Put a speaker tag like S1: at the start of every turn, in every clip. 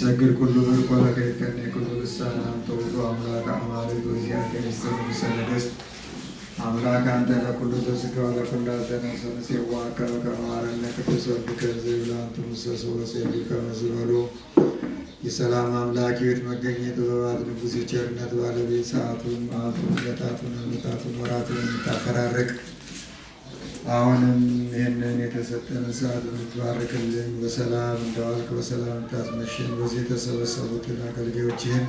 S1: ይሰግድ ኩሉ ምርኮ ለከይት ከኔ ልሳን አንተ ውእቱ አምላከ አማልክት ወእግዚአብሔር ይስሙ ሰነደስት አምላክ አንተ ለኩሉ ዘሥጋ ለኩሉ አዘነሰ ምስዋከ ከማረነ ቅዱስ ወልድከ ዘይብላንቱ ምሰሶ ወሰይከ መዝበሎ የሰላም አምላክ ሕይወት መገኘት ጥበባት ንጉሥ የቸርነት ባለቤት ሰዓቱን መዓቱን ዕለታቱን ዓመታቱን ወራቱን የምታፈራርቅ አሁንም ይህንን የተሰጠን ሰዓት እንድትባርክልን በሰላም እንደዋልክ በሰላም እንታስመሽን በዚህ የተሰበሰቡትን አገልጋዮችህን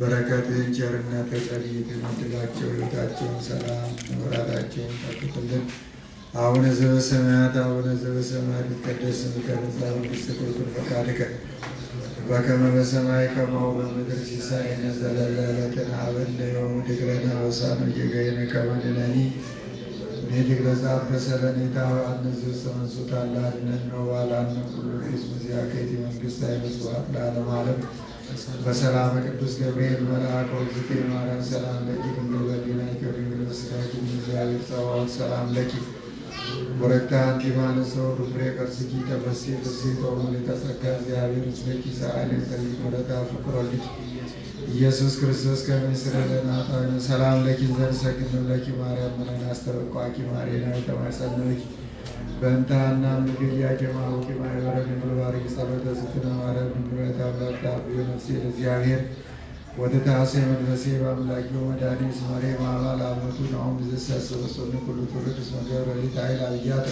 S1: በረከትህን ቸርነት ተጸልይት ምድላቸው ህይወታቸውን ሰላም መብራታቸውን ጠብቅልን። አቡነ ዘበሰማያት አቡነ ዘበሰማያት ይትቀደስ ስምከ ትምጻእ መንግሥትከ ወይኩን ፈቃድከ በከመ በሰማይ ከማሁ በምድር ሲሳየነ ዘለለዕለትነ ሀበነ ዮም ወኅድግ ለነ አበሳነ ወጌጋየነ ከመ ንሕነኒ የተገዛበት ሰበኔታ አንዝብ ሰመንሱት አላድነት ነው ባላነ ሁሉ ሕዝብ እዚያ ከየት መንግስት አይመስዋት ለዓለም ዓለም በሰላም ቅዱስ ገብርኤል መልአከ ዝቴ ማርያም ሰላም ለኪ ድንግል በሊና ከድንግል እግዚአብሔር ጸባዖት ሰላም ለኪ ወረዳን ዲባን ሰው ዱብሬ ቀርስኪ ተፈሴ ፍሴ ተውሙን የተጸጋ እግዚአብሔር ምስለኪ ሰአል ሰሊት ወረዳ ፍቅር ወልድ ኢየሱስ ክርስቶስ ከሚስረደናታን ሰላም ለኪ ዘንሰግን ለኪ ማርያም ምንን አስተርቋቂ ማሬና የተማሰነች በእንታና ምግር ያጀማ ማይበረ ድንግል ጸበተ ስትነ ማርያም ድንግል ነፍሴ ለእግዚአብሔር ወተታሴ መንፈሴ በአምላኪ መድኃኒ ስመሬ ማባል አመቱ ናሁም ዝስ ያሰበሰኑ ኩሉ ትውልድ እስመ ገብረ ሊት ኃይል አብያተ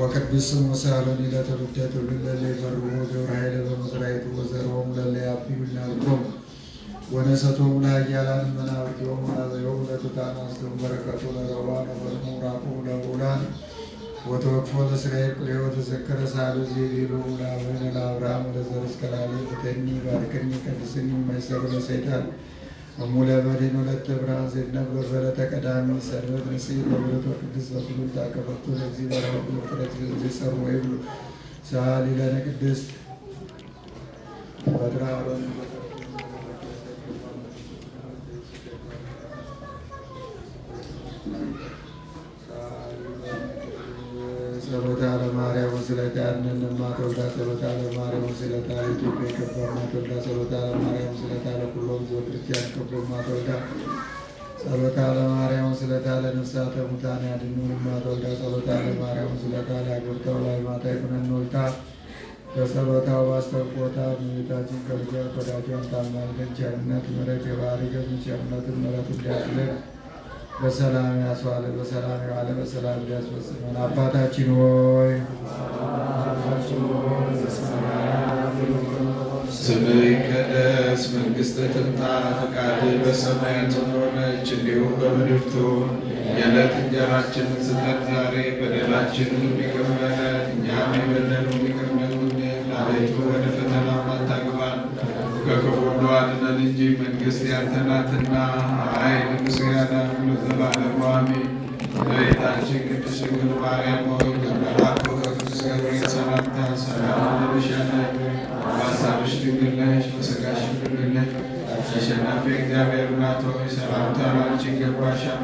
S1: ወቅዱስ ስሙ ሳሎኒ ለትውልደ ትውልድ ለለ ይፈርሁ ግብረ ኃይለ በመስራይቱ ወዘሮም ለለ ያብዩ ናርጎም ወነሰቶም ለኃያላን መናብርኪሆም ናዘዮም ለትታን አስቶም በረከቱ ለረዋን ወበልሙ ራቁ ለቡላን ወተወክፎ ለእስራኤል ፍሬው ተዘከረ ሳሉ ዜቤሎ ለአብን ለአብርሃም ለዘር እስከ ላለይ ፍተኒ ባርክኒ ቅድስኒ የማይሰሩ ለሰይጣን እሙ ለበድን ሁለት ብርሃን ዜድነ በበለተ ቀዳሚ ሰንበት ንስሕ በብረቶ ቅዱስ በኩሉን ታቀፈቱ ለዚህ በራሁ ፍረት ሰሩ ወይ ብሎ ሳሊለነ ቅድስት በድራ እናት ወልዳ ጸሎታ ለማርያም ስለታ ለኢትዮጵያ የከበረ እናት ወልዳ ጸሎታ ለማርያም ስለታ ለኩሎ ሕዝበ ክርስቲያን ከበ እናት ጸሎታ ለማርያም ስለታ ለነፍሳተ ሙታን ያድኑ። እናት ወልዳ ጸሎታ ለማርያም ስለታ ለአገርተው ለሃይማኖታ ይኩነን ወልታ በሰበታ ባስተቆታ እመቤታችን ከልጇ ከወዳጇን ታማልደን ቸርነት ምሕረት የባህሪ ገዙ ቸርነትን ምሕረት እንዲያድለን በሰላም ያስዋለ በሰላም የዋለ በሰላም እንዲያስፈጽመን አባታችን ሆይ ስምህ ይቀደስ፣ መንግሥትህ ትምጣ፣ ፈቃድህ በሰማይ እንደሆነች እንዲሁም በምድር ትሁን። የዕለት እንጀራችንን ስጠን ዛሬ፣ በደላችንን ይቅር በለን እኛም የበደሉንን ይቅር እንደምንል፣ አቤቱ ወደ ፈተና አታግባን፣ ከክፉ ሁሉ አድነን እንጂ መንግሥት ያንተ ናትና፣ ኃይል ምስጋና ለዘላለሙ አሜን። እመቤታችን ቅድስት ድንግል ማርያም ሆይ ስጋሽ ሰላምታ ሰላም አለብሻለሁ። በሐሳብሽ ድንግል ነሽ፣ በሥጋሽም እግዚአብሔር እናት ሰላምታ ላንቺ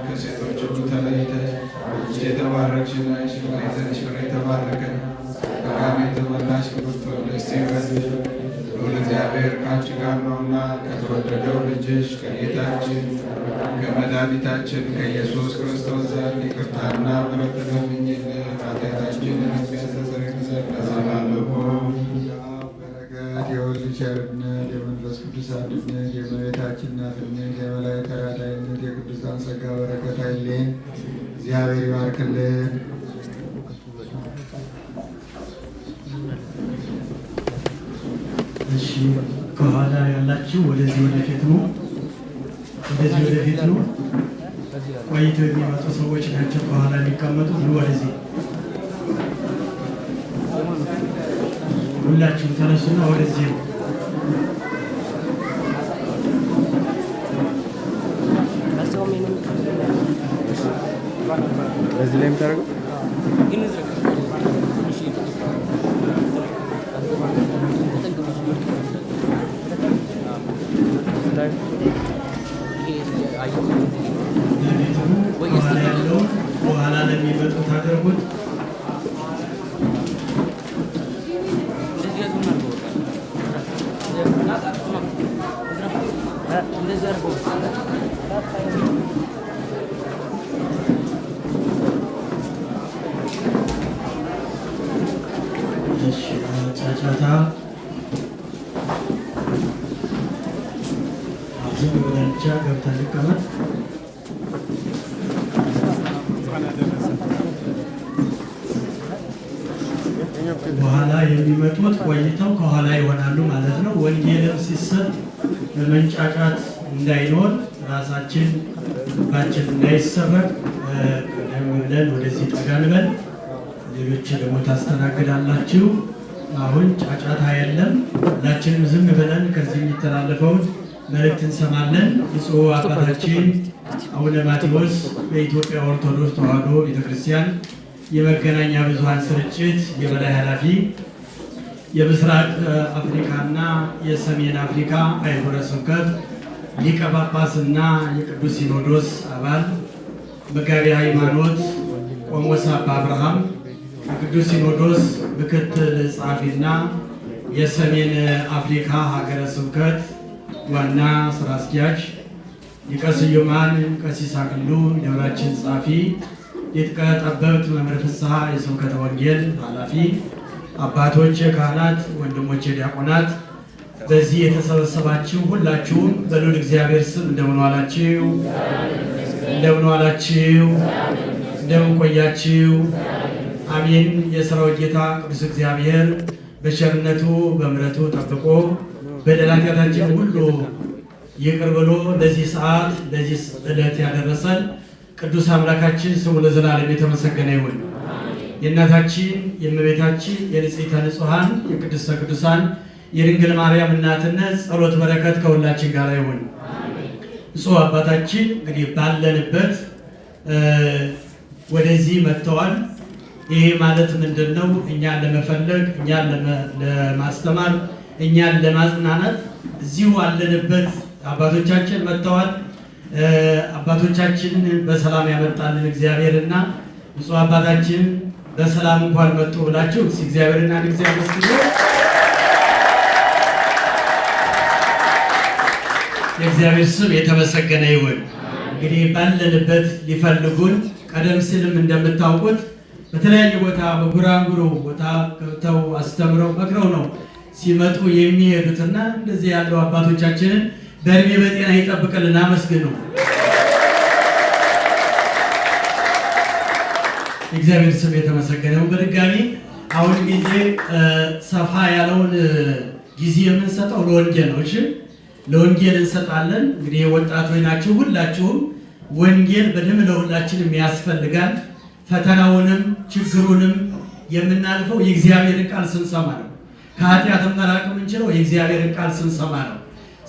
S1: ከሴቶች ሁሉ ተለይተሽ አንቺ የተባረክሽ ነሽ፣ እግዚአብሔር ካንቺ ከተወደደው ልጅሽ ከጌታችን ከመድኃኒታችን ከኢየሱስ ክርስቶስ ዘንድ ይቅርታና ምሕረት ለምኝልን ኃጢአታችንን እግዚአብሔር ይባርክልን። እሺ ከኋላ ያላችሁ ወደዚህ ወደፊት ነው፣ ወደዚህ ወደፊት ነው። ቆይተው የሚመጡ ሰዎች ናቸው ከኋላ የሚቀመጡት። ኑ ወደዚህ ሁላችሁም ተነሱና ወደዚህ ነው። በዚህ ላይ የምታደርገው በኋላ ለሚመጡት አድርጎ በኋላ የሚመጡት ቆይተው ከኋላ ይሆናሉ ማለት ነው። ወንጌልም ሲሰጥ መንጫጫት እንዳይኖር ራሳችን ልባችን እንዳይሰረቅ ብለን ወደዚህ ጠጋ ሌሎች ደግሞ ታስተናግዳላችሁ። አሁን ጫጫታ የለም። ሁላችንም ዝም ብለን ከዚህ የሚተላለፈውን መልእክት እንሰማለን። ብፁዕ አባታችን አቡነ ማቴዎስ በኢትዮጵያ ኦርቶዶክስ ተዋሕዶ ቤተክርስቲያን የመገናኛ ብዙሃን ስርጭት የበላይ ኃላፊ የምስራቅ አፍሪካና የሰሜን አፍሪካ አህጉረ ስብከት ሊቀ ጳጳስና የቅዱስ ሲኖዶስ አባል መጋቢ ሃይማኖት ቆሞስ አባ አብርሃም የቅዱስ ሲኖዶስ ምክትል ጸሐፊና የሰሜን አፍሪካ ሀገረ ስብከት ዋና ስራ አስኪያጅ ሊቀ ስዩማን ቀሲስ አክሉ የሁላችን ጸሐፊ ሊቀ ጠበብት መምህር ፍስሐ የስብከተ ወንጌል ኃላፊ አባቶች፣ ካህናት፣ ወንድሞች ዲያቆናት፣ በዚህ የተሰበሰባችሁ ሁላችሁም በሉል እግዚአብሔር ስም እንደምን ዋላችሁ? እንደምን ዋላችሁ? እንደምን ቆያችሁ? አሜን። የሥራው ጌታ ቅዱስ እግዚአብሔር በቸርነቱ በምሕረቱ ጠብቆ በደል ሁሉ ይቅር ብሎ ለዚህ ሰዓት ለዚህ ዕለት ያደረሰን ቅዱስ አምላካችን ስሙ ለዘላለም የተመሰገነ ይሁን። የእናታችን የእመቤታችን የንጽሕተ ንጹሐን የቅድስተ ቅዱሳን የድንግል ማርያም እናትነት ጸሎት በረከት ከሁላችን ጋር ይሁን። ብፁዕ አባታችን እንግዲህ ባለንበት ወደዚህ መጥተዋል። ይሄ ማለት ምንድን ነው? እኛን ለመፈለግ እኛን ለማስተማር እኛን ለማጽናናት እዚሁ አለንበት አባቶቻችን መጥተዋል። አባቶቻችን በሰላም ያመጣልን እግዚአብሔርና ብፁዕ አባታችን በሰላም እንኳን መጡ ብላችሁ እስኪ እግዚአብሔርና እግዚአብሔር ስ የእግዚአብሔር ስም የተመሰገነ ይሁን። እንግዲህ ባለንበት ሊፈልጉን ቀደም ሲልም እንደምታውቁት በተለያየ ቦታ በጉራንጉሮ ቦታ ገብተው አስተምረው መክረው ነው ሲመጡ የሚሄዱትና እንደዚህ ያለው አባቶቻችንን በእድሜ በጤና ይጠብቅልን። ነው እግዚአብሔር ስም የተመሰገነው። በድጋሚ አሁን ጊዜ ሰፋ ያለውን ጊዜ የምንሰጠው ለወንጌል ነው። እሺ ለወንጌል እንሰጣለን። እንግዲህ ወጣቶች ናችሁ ሁላችሁም። ወንጌል በደንብ ለሁላችንም ያስፈልጋል። ፈተናውንም ችግሩንም የምናልፈው የእግዚአብሔርን ቃል ስንሰማ ነው። ከኃጢአት መራቅ የምንችለው የእግዚአብሔርን ቃል ስንሰማ ነው።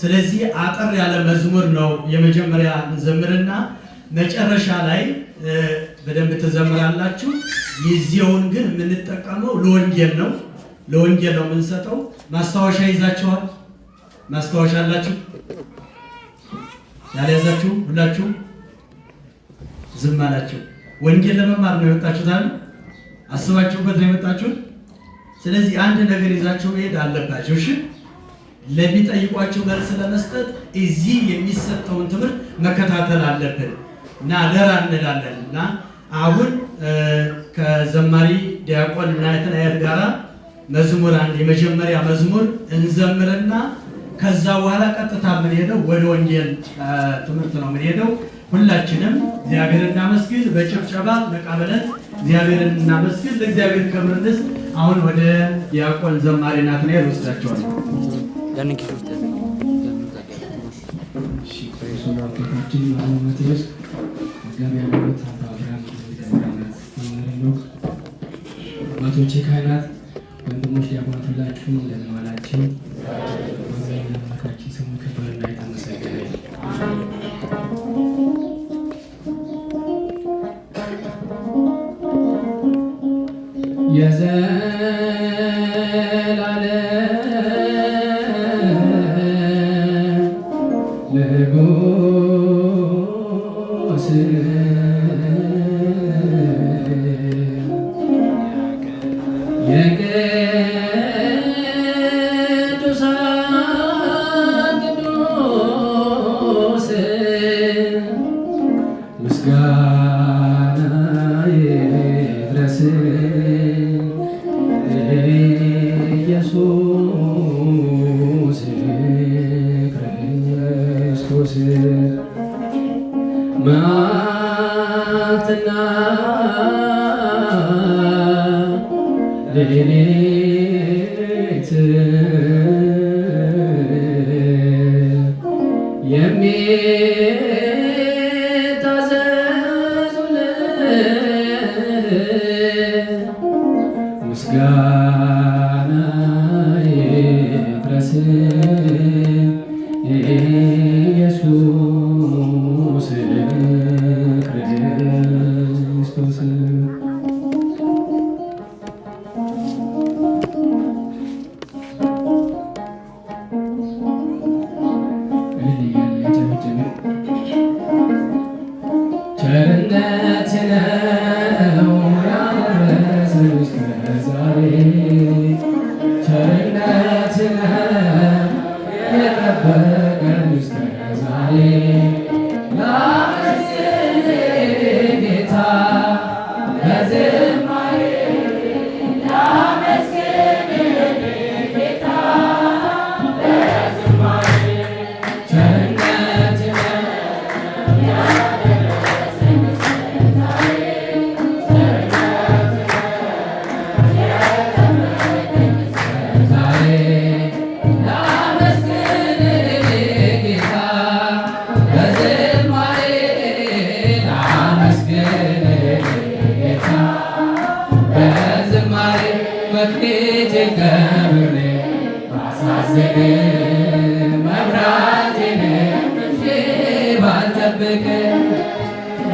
S1: ስለዚህ አጠር ያለ መዝሙር ነው የመጀመሪያ እንዘምርና መጨረሻ ላይ በደንብ ትዘምራላችሁ። የዚያውን ግን የምንጠቀመው ለወንጌል ነው፣ ለወንጌል ነው የምንሰጠው። ማስታወሻ ይዛችኋል? ማስታወሻ አላችሁ? ያልያዛችሁ ሁላችሁ ዝም አላችሁ። ወንጌል ለመማር ነው የመጣችሁት አይደል? አስባችሁበት ነው የመጣችሁት። ስለዚህ አንድ ነገር ይዛችሁ መሄድ አለባችሁ። እሺ ለሚጠይቋቸው መልስ ለመስጠት እዚህ የሚሰጠውን ትምህርት መከታተል አለብን እና ደራ እንላለን እና አሁን ከዘማሪ ዲያቆን እና የተናየት ጋራ መዝሙር አንድ የመጀመሪያ መዝሙር እንዘምርና ከዛ በኋላ ቀጥታ የምንሄደው ወደ ወንጌል ትምህርት ነው የምንሄደው። ሁላችንም እግዚአብሔር እናመስግን፣ በጭብጨባ መቃበለት እግዚአብሔር እናመስግን። ለእግዚአብሔር ከምርንስ አሁን ወደ ዲያቆን ዘማሪ ናትናኤል ወስዳቸዋል። ያንን ኪስ ውስጥ አባቶቼ ካህናት፣ ወንድሞች ዲያቆናት ሁላችሁም እንደምን ዋላችሁ? አምላካችን ስሙ ከበረና የተመሰገነ የዘ Oh.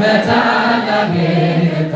S1: በታላቅ ጌታ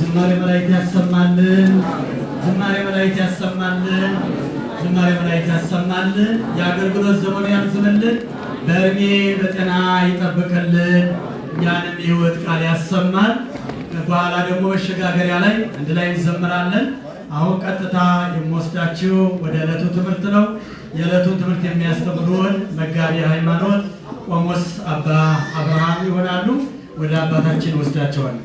S1: ዝማሬ መላእክት ያሰማልን። ዝማሬ መላእክት ያሰማልን። ዝማሬ መላእክት ያሰማልን። የአገልግሎት ዘመኑ ያርዝምልን። በእድሜ በጤና ይጠብቅልን። እኛንም የሕይወት ቃል ያሰማል። በኋላ ደግሞ መሸጋገሪያ ላይ አንድ ላይ እንዘምራለን። አሁን ቀጥታ የምወስዳችሁ ወደ ዕለቱ ትምህርት ነው። የዕለቱ ትምህርት የሚያስተምሩን መጋቢ ሃይማኖት ቆሞስ አባ አብርሃም ይሆናሉ። ወደ አባታችን ወስዳቸዋል።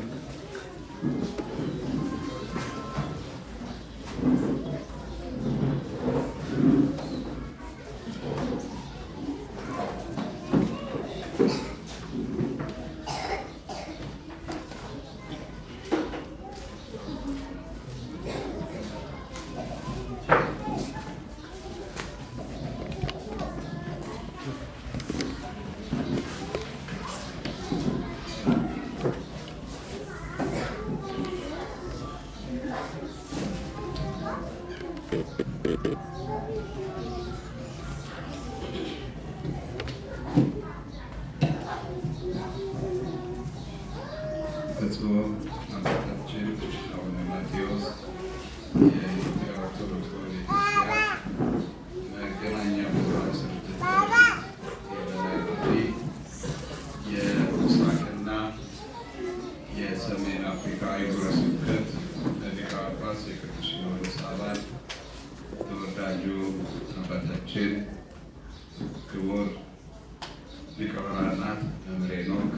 S1: መምሬ ኖክ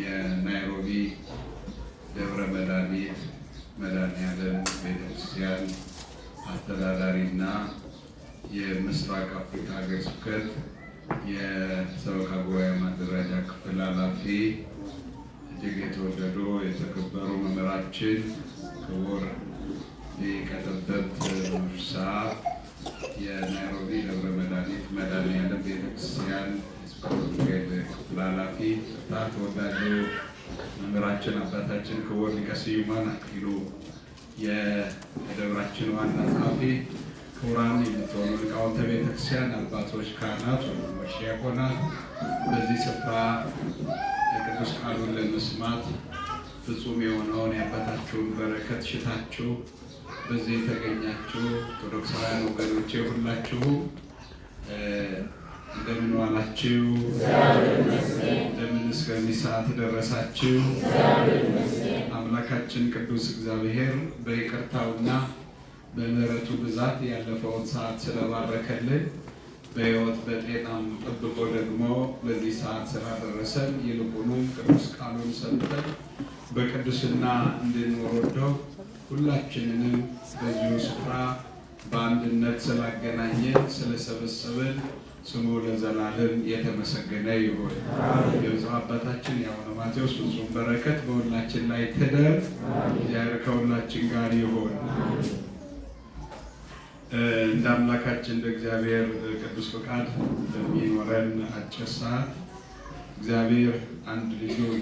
S1: የናይሮቢ ደብረ መድኃኒት መድኃኔዓለም ቤተክርስቲያን አስተዳዳሪና የምስራቅ አፍሪካ ሀገረ ስብከት የሰበካ ጉባኤ ማደራጃ ክፍል ኃላፊ እጅግ የተወደዱ የተከበሩ መምህራችን፣ ክቡር ሊቀጠበት ሙርሳ የናይሮቢ ደብረ መድኃኒት መድኃኔዓለም ቤተክርስቲያን መንገድ ክፍል ኃላፊ ተወዳጁ መምህራችን አባታችን ክቡር ሊቀ ስዩማን አክሊሉ፣ የደብራችን ዋና ጸሐፊ፣ ክቡራን የምትሆኑ ሊቃውንተ ቤተክርስቲያን አባቶች፣ ካህናት፣ ወንድሞች ዲያቆናት በዚህ ስፍራ የቅዱስ ቃሉን ለመስማት ፍጹም የሆነውን የአባታችሁን በረከት ሽታችሁ በዚህ የተገኛችሁ ኦርቶዶክሳውያን ወገኖቼ ሁላችሁ እንደምን ዋላችሁ? እንደምን እስከዚህ ሰዓት ደረሳችሁ? አምላካችን ቅዱስ እግዚአብሔር በይቅርታውና በምሕረቱ ብዛት ያለፈውን ሰዓት ስለባረከልን በሕይወት በጤናም ጠብቆ ደግሞ በዚህ ሰዓት ስላደረሰን ይልቁንም ቅዱስ ቃሉን ሰምተን በቅዱስና እንድንኖር ወዶ ሁላችንንም በዚሁ ስፍራ በአንድነት ስላገናኘን ስለሰበሰበን ስሙ ለዘላለም የተመሰገነ ይሁን። የብፁዕ አባታችን የአቡነ ማቴዎስ ፍጹም በረከት በሁላችን ላይ ትደር። እግዚአብሔር ከሁላችን ጋር ይሁን። እንደ አምላካችን እንደ እግዚአብሔር ቅዱስ ፈቃድ በሚኖረን አጭር ሰዓት እግዚአብሔር አንድ ልጁን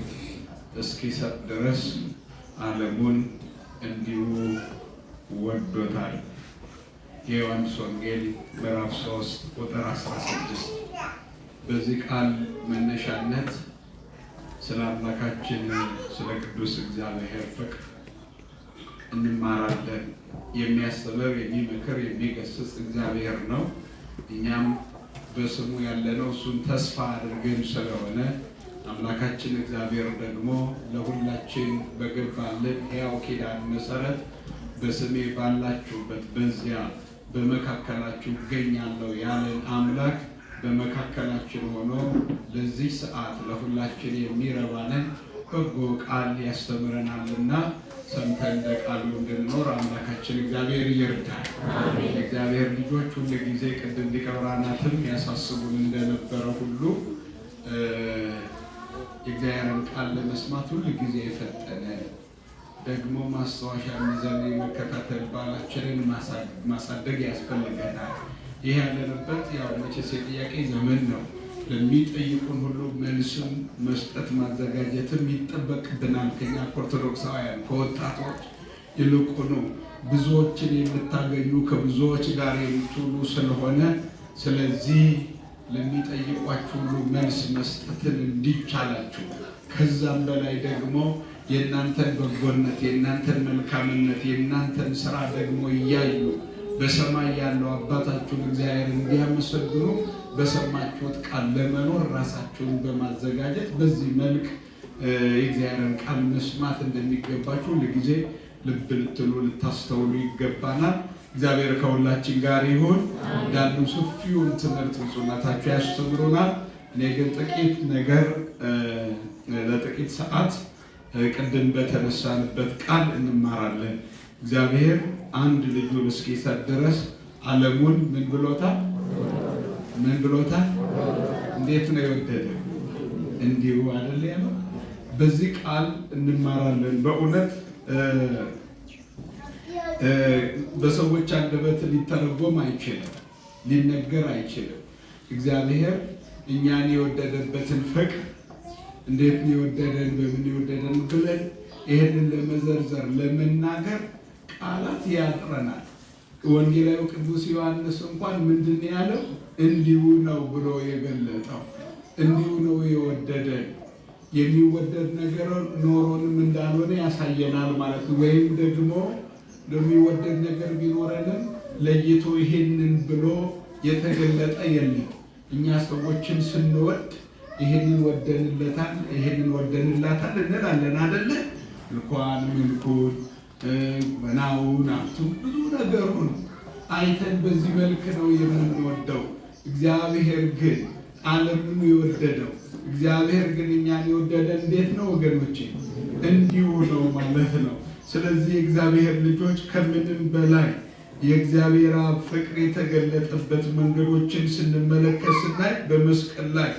S1: እስኪሰጥ ድረስ ዓለሙን እንዲሁ ወዶታል። የዮሐንስ ወንጌል ምዕራፍ 3 ቁጥር 16 በዚህ ቃል መነሻነት ስለ አምላካችን ስለ ቅዱስ እግዚአብሔር ፍቅር እንማራለን። የሚያስተምር የሚመክር፣ የሚገስጽ እግዚአብሔር ነው። እኛም በስሙ ያለነው እሱን ተስፋ አድርገን ስለሆነ አምላካችን እግዚአብሔር ደግሞ ለሁላችን በገባልን ሕያው ኪዳን መሰረት በስሜ ባላችሁበት በዚያ በመካከላችሁ እገኛለሁ ያለን አምላክ በመካከላችን ሆኖ ለዚህ ሰዓት ለሁላችን የሚረባንን በጎ ቃል ያስተምረናልና ሰምተን ለቃሉ እንድንኖር አምላካችን እግዚአብሔር ይርዳል። እግዚአብሔር ልጆች ሁሉ ጊዜ ቅድም ሊቀ ብርሃናትም ያሳስቡን እንደነበረ ሁሉ የእግዚአብሔርን ቃል ለመስማት ሁሉ ጊዜ የፈጠነ ደግሞ ማስታወሻ ሚዛን የመከታተል ባህላችንን ማሳደግ ያስፈልገናል። ይህ ያለንበት ያው መቼስ ጥያቄ ዘመን ነው። ለሚጠይቁን ሁሉ መልስም መስጠት ማዘጋጀትም ይጠበቅብናል ከኛ ከኦርቶዶክሳውያን ከወጣቶች ነው ብዙዎችን የምታገኙ ከብዙዎች ጋር የምትውሉ ስለሆነ ስለዚህ ለሚጠይቋችሁ ሁሉ መልስ መስጠትን እንዲቻላችሁ ከዛም በላይ ደግሞ የእናንተን በጎነት፣ የእናንተን መልካምነት፣ የእናንተን ስራ ደግሞ እያዩ በሰማይ ያለው አባታችሁን እግዚአብሔር እንዲያመሰግኑ በሰማችሁት ቃል ለመኖር ራሳችሁን በማዘጋጀት በዚህ መልክ የእግዚአብሔርን ቃል መስማት እንደሚገባችሁ ሁልጊዜ ልብ ልትሉ ልታስተውሉ ይገባናል። እግዚአብሔር ከሁላችን ጋር ይሁን። እንዳሉ ሰፊውን ትምህርት ብፁዕነታቸው ያስተምሩናል። እኔ ግን ጥቂት ነገር ለጥቂት ሰዓት ቅድም በተነሳንበት ቃል እንማራለን። እግዚአብሔር አንድ ልጁን እስኪሰጥ ድረስ ዓለሙን ምን ብሎታል? ምን ብሎታል? እንዴት ነው የወደደ? እንዲሁ አይደለ ነው። በዚህ ቃል እንማራለን። በእውነት በሰዎች አንደበት ሊተረጎም አይችልም፣ ሊነገር አይችልም። እግዚአብሔር እኛን የወደደበትን ፍቅር እንዴት የወደደን በምን የወደደን ብለን ይህንን ለመዘርዘር ለመናገር ቃላት ያጥረናል። ወንጌላዊ ቅዱስ ዮሐንስ እንኳን ምንድን ያለው እንዲሁ ነው ብሎ የገለጠው እንዲሁ ነው የወደደን የሚወደድ ነገር ኖሮንም እንዳልሆነ ያሳየናል ማለት ነው። ወይም ደግሞ የሚወደድ ነገር ቢኖረንም ለይቶ ይሄንን ብሎ የተገለጠ የለም። እኛ ሰዎችን ስንወድ ይሄንን ወደንለታል፣ ይሄንን ወደንላታል እንላለን አደለ? ልኳን፣ ምልኩን፣ መናውን፣ ሀብቱን ብዙ ነገሩን አይተን በዚህ መልክ ነው የምንወደው። እግዚአብሔር ግን ዓለምን የወደደው እግዚአብሔር ግን እኛን የወደደ እንዴት ነው ወገኖቼ? እንዲሁ ነው ማለት ነው። ስለዚህ የእግዚአብሔር ልጆች ከምንም በላይ የእግዚአብሔር ፍቅር የተገለጠበት መንገዶችን ስንመለከት ስናይ በመስቀል ላይ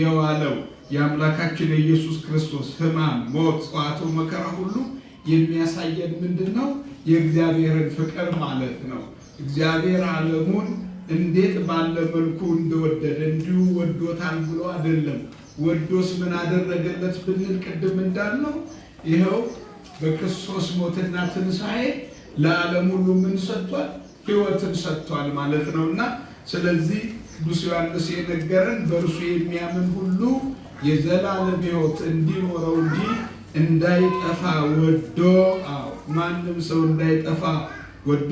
S1: የዋለው የአምላካችን የኢየሱስ ክርስቶስ ሕማም፣ ሞት፣ ጸዋቱ መከራ ሁሉ የሚያሳየን ምንድን ነው? የእግዚአብሔርን ፍቅር ማለት ነው። እግዚአብሔር ዓለሙን እንዴት ባለ መልኩ እንደወደደ እንዲሁ ወዶታል ብሎ አይደለም። ወዶስ ምን አደረገለት ብንል ቅድም እንዳልነው ይኸው በክርስቶስ ሞትና ትንሣኤ ለዓለም ሁሉ ምን ሰጥቷል? ሕይወትን ሰጥቷል ማለት ነው እና ስለዚህ ቅዱስ ዮሐንስ የነገረን በእርሱ የሚያምን ሁሉ የዘላለም ሕይወት እንዲኖረው እንጂ እንዳይጠፋ ወዶ፣ ማንም ሰው እንዳይጠፋ ወዶ